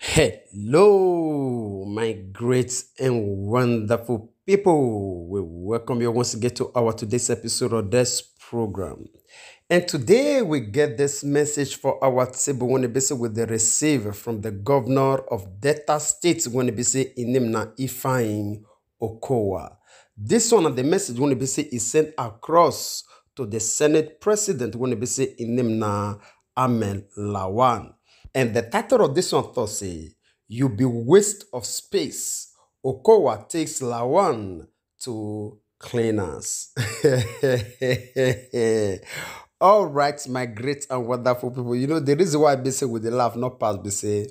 Hello, my great and wonderful people. We welcome you once again to our today's episode of this program. And today we get this message for our table Wanibisi with the receiver from the governor of Delta State Wanibisi Inimna Ifeanyi Okowa. This one of the message Wanibisi is sent across to the Senate President Wanibisi Inimna Amel Lawan. And the title of this one thought say, You Be Waste of Space. Okowa takes Lawan to cleaners. All right, my great and wonderful people. You know, the reason why I be say with the laugh, not pass be say,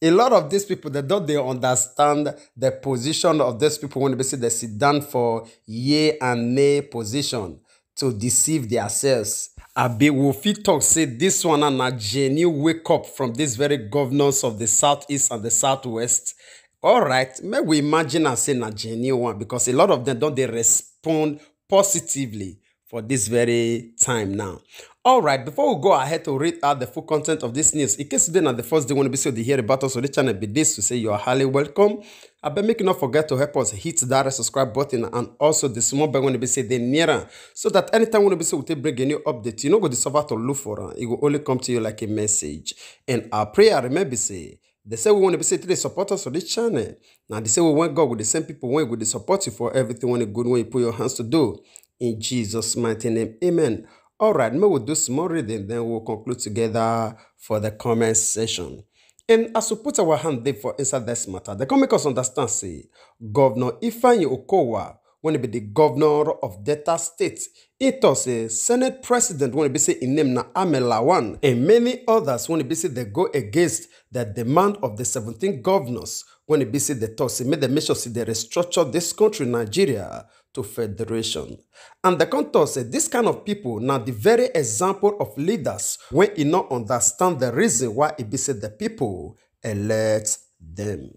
a lot of these people, they don't they understand the position of these people when they say they sit down for yea and nay position to deceive themselves. Abewofi talk say this one and a genuine wake up from dis very governors of the southeast and the southwest All right, may we imagine and say na genuine one because a lot of them don't they respond positively for this very time now. All right, before we go ahead to read out the full content of this news, in case you didn't the first day when you to hear about us on the channel, be this to say you are highly welcome. I bet make you not forget to help us hit that subscribe button and also the small bell when you say the nearer so that anytime when you say we take bring a new update, you know go discover to look for it. It will only come to you like a message. And our prayer, remember say they say we want to be say today support us on this channel. Now they say we want God with the same people when we support you for everything when you good when you put your hands to do. In Jesus' mighty name, amen. All right, now we'll do some more reading, then we'll conclude together for the comment session. And as we put our hand there for inside this matter, the comic us understand, say, Governor Ifeanyi Okowa when it be the governor of Delta State. It say eh, Senate president when it be say in name na Amelawan and many others when it be say they go against the demand of the seventeen governors when it be say they talk say eh, make them make sure say eh, they restructure this country Nigeria to federation. And the contour say this kind of people now the very example of leaders when you not understand the reason why it be say the people elect them.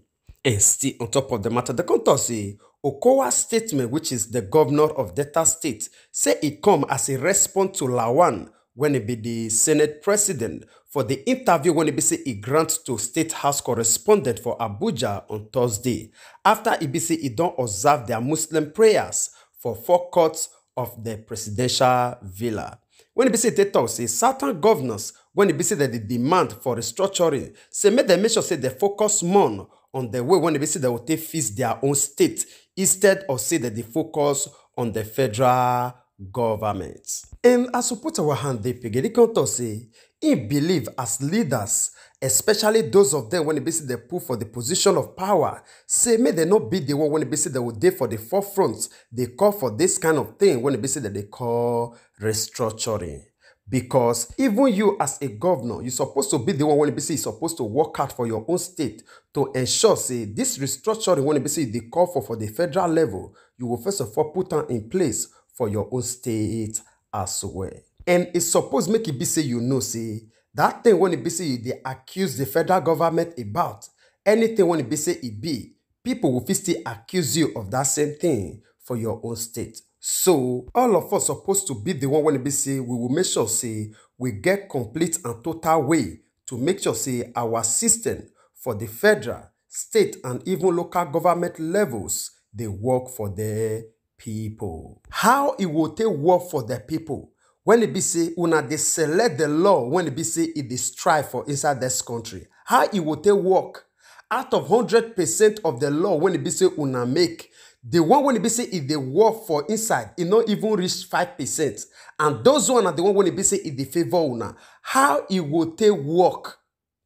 And still on top of the matter, the contour say Okowa's statement, which is the governor of Delta State, say it come as a response to Lawan when he be the Senate president for the interview when he be say he grant to State House correspondent for Abuja on Thursday. After he be say he don't observe their Muslim prayers for four courts of the presidential villa. When he be say they talk, say certain governors when he be say that the demand for restructuring, say make them make sure say they focus more on the way when they say they will take fix their own state instead of say that they focus on the federal government. And as we put our hand there, Peggy Kanto say, he believe as leaders, especially those of them when they basically they pull for the position of power, say may they not be the one when they say they will dare for the forefront. They call for this kind of thing when they say that they call restructuring because even you as a governor you suppose to be the one wey be say you suppose to work hard for your own state to ensure say this restructuring wey be say you dey call for for the federal level you go first of all put am in place for your own state as well and e suppose make e be say you know say that thing wey be say you dey accuse the federal government about anything wey be say e be people go fit still accuse you of that same thing for your own state So all of us supposed to be the one when it be say we will make sure say we get complete and total way to make sure say our system for the federal, state and even local government levels they work for their people. How it will take work for their people when e be say una dey select the law when e be say e dey strive for inside this country? How it will take work out of 100% of the law when it be say una make the one when it be say if dey work for inside it e not even reach 5% and those one are the one when it be say e dey favour una how it e will take work.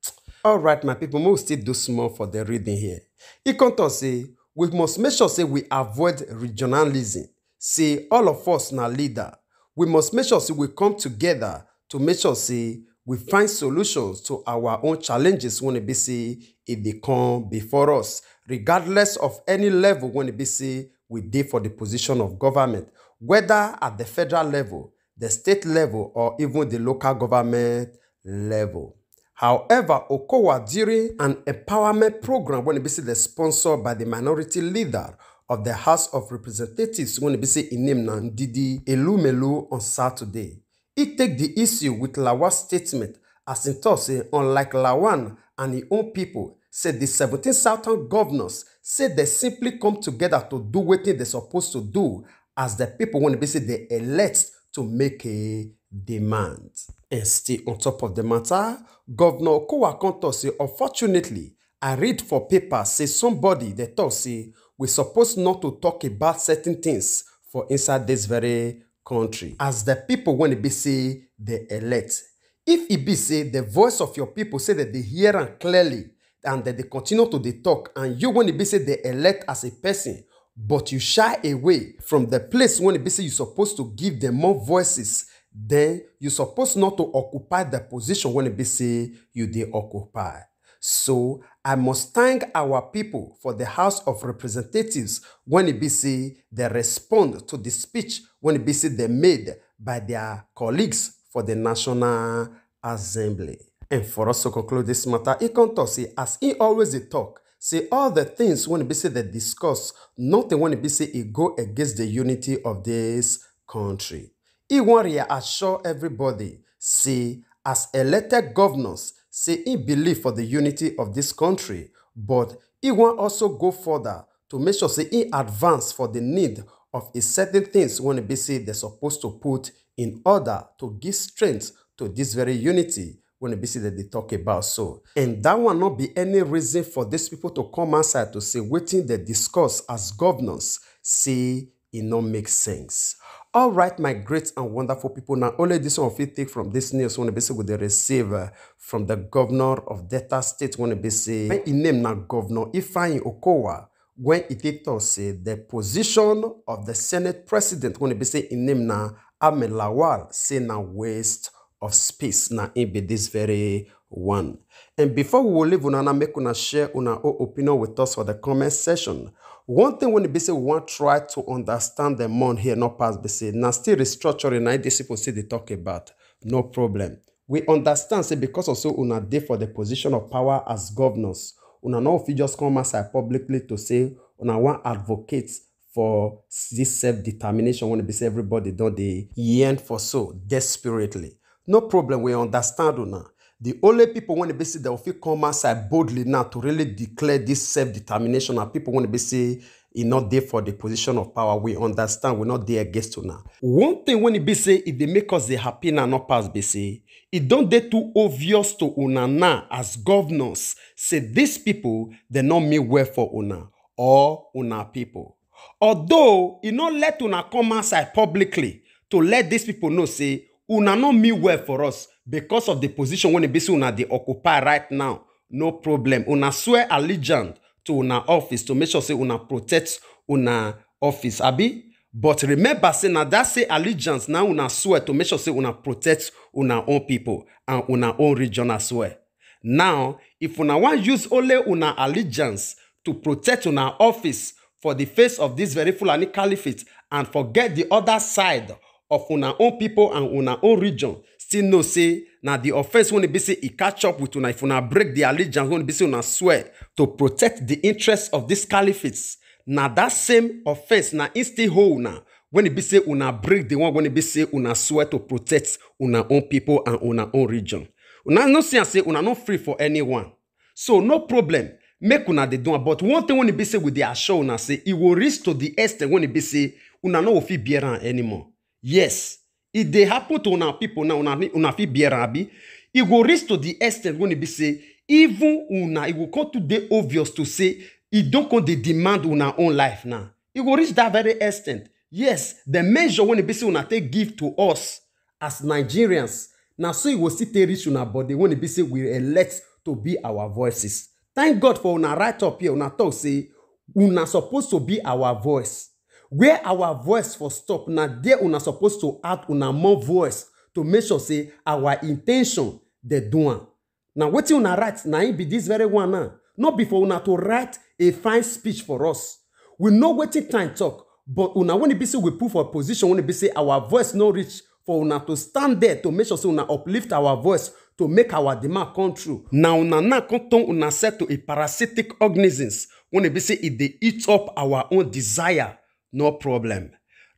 All right, my people make we still do small for the reading here e come say we must make sure say we avoid regionalism say all of us now leader we must make sure say we come together to make sure say we find solutions to our own challenges when WNBC see it come before us. Regardless of any level WNBC we did for the position of government, whether at the federal level, the state level, or even the local government level. However, Okowa during an empowerment program when see the sponsor by the minority leader of the House of Representatives when see in Nimna Didi Elumelu on Saturday e take di issue wit lawan statement as im tok say unlike lawan and im own pipo say di seventeen southern governors say dem simply come togeda to do wetin dem suppose to do as di pipo wey be say dem elect to make a demand. And still on top of the matter, Governor Okowa tok say unfortunately, I read for paper say somebody dey tok say we suppose not to talk about certain things for inside this very country. As the people when it be say the elect. If it be say the voice of your people say that they hear and clearly and that they continue to the talk and you when it be say the elect as a person but you shy away from the place when it be say you're supposed to give them more voices then you're supposed not to occupy the position when it be say you they occupy. So I must thank our people for the House of Representatives when it be say they respond to the speech when it be say they made by their colleagues for the National Assembly. And for us to conclude this matter, he can talk, say, as he always talk, say all the things when it be say they discuss, nothing when it be say it e go against the unity of this country. He want to reassure everybody, say, as elected governors, say he believe for the unity of this country, but he want also go further to make sure say he advance for the need of a certain things when be say they supposed to put in order to give strength to this very unity when be say that they talk about so. And that will not be any reason for these people to come outside to say waiting the discourse as governors say it e not make sense. All right, my great and wonderful people. Now, only this one fit take from this news when they say they receive uh, from the governor of Delta State uh, when they say when name now governor Ifeanyi Okowa when it is talk say the position of the Senate president when they say he name now Ahmed Lawal say now waste of space now in be this very one. And before we will leave, Unana, make una share una opinion with us for the comment session. One thing when be say we want try to understand the mon here, not pass be say. Now still restructuring, I disciple see they talk about. No problem. We understand say because also una day for the position of power as governors. Una no if you just come outside publicly to say una want advocates for this self-determination when be say everybody don't they yearn for so desperately. No problem, we understand una. The only people when they be say they will feel come outside boldly now to really declare this self-determination and people when they be say e not dey for the position of power we understand we not dey against una. one thing wey e be say e dey make us dey happy na no pass be say e don dey too obvious to una now as governors say these people dey no mean well for una or una people although e no let una come outside publicly to let these people know say una no mean well for us because of the position wey be say una dey occupy right now no problem una swear allegiance to una office to make sure say una protect una office abi but remember say na that say allegiance na una swear to make sure say una protect una own people and una own region as well now if una want use only una allegiance to protect una office for the face of this very fulani caliphate and forget the other side of una own people and una own region still know say na the offense wey be say e catch up with una if una break the allegiance wey be say una swear to protect the interests of these caliphates na that same offense na e still hold una when e be say una break the one when e be say una swear to protect una own people and una own region una no see am say una no free for anyone so no problem make una dey do am but one thing wey e be say we dey assure una say e go reach to the ex ten t wey e be say una no go fit bear am anymore yes e dey happen to una people now una una fit bear am abi e go reach to the extent wey e be say even una e go come too dey obvious to say e don come dey demand una own life now e go reach that very extent yes the measure wey e be say una take give to us as nigerians na so e go still take reach una body when e be say we elect to be our voices thank god for una write up here una talk say una suppose to be our voice where our voice for stop na there una suppose to add una more voice to make sure say our in ten tion dey do am na wetin una write na im be this very one now no be for una to write a fine speech for us we know wetin time talk but una wen e be say we put for position wen e be say our voice no reach for una to stand there to make sure say una uplift our voice to make our demand come true. na una now come turn una self to a parasitic organisms wen e be say e dey eat up our own desire no problem.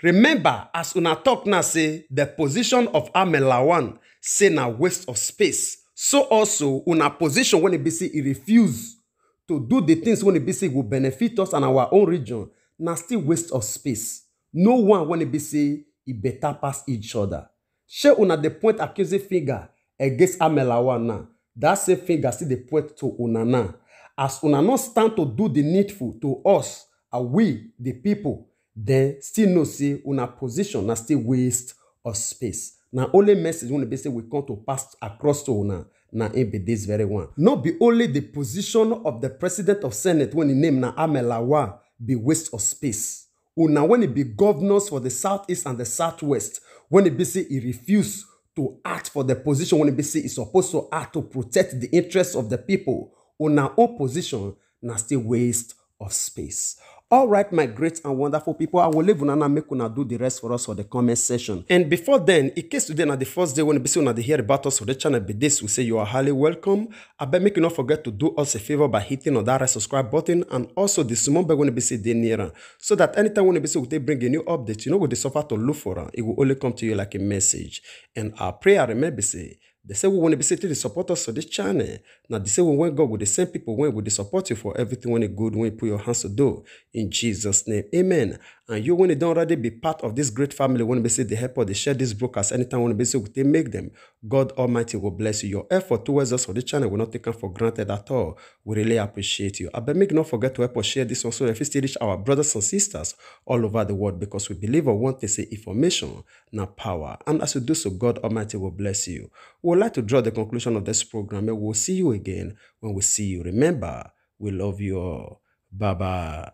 Remember, as una talk now say, the position of Amelawan say na waste of space. So also, una position when it be say it refuse to do the things when it be say will benefit us and our own region, na still waste of space. No one when it be say it better pass each other. She una the point accusing finger against Amelawan now. That same finger See the point to una now. As una not stand to do the needful to us, are we, the people, then still know say una position na still waste of space na only message wey be say we come to pass across to una na im be this very one no be only the position of the president of senate wey im name na amelawa be waste of space una when e be governors for the southeast and the southwest when e be say e refuse to act for the position when e be say e suppose to act to protect the interests of the people una own position na still waste of space All right, my great and wonderful people, I will leave Unana make una do the rest for us for the comment session. And before then, in case today na the first day when you be see the hear about us for the channel, be this, we say you are highly welcome. I bet make you not forget to do us a favor by hitting on that right subscribe button and also the small bell when you be see the nearer. So that anytime when you be see we bring a new update, you know what they suffer to look for, it will only come to you like a message. And our prayer, remember, say, The same way when be say to support us for this channel. Now they say we went God with the same people when will they support you for everything when it good when you put your hands to do. In Jesus' name. Amen. And you, when you don't already be part of this great family, when they see the help or they share this broadcast, anytime when they say they make them, God Almighty will bless you. Your effort towards us on the channel will not taken for granted at all. We really appreciate you. I beg make not forget to help us share this one so that we still reach our brothers and sisters all over the world because we believe or want to say information, not power. And as you do so, God Almighty will bless you. We would like to draw the conclusion of this program and we'll see you again when we see you. Remember, we love you all. Bye bye.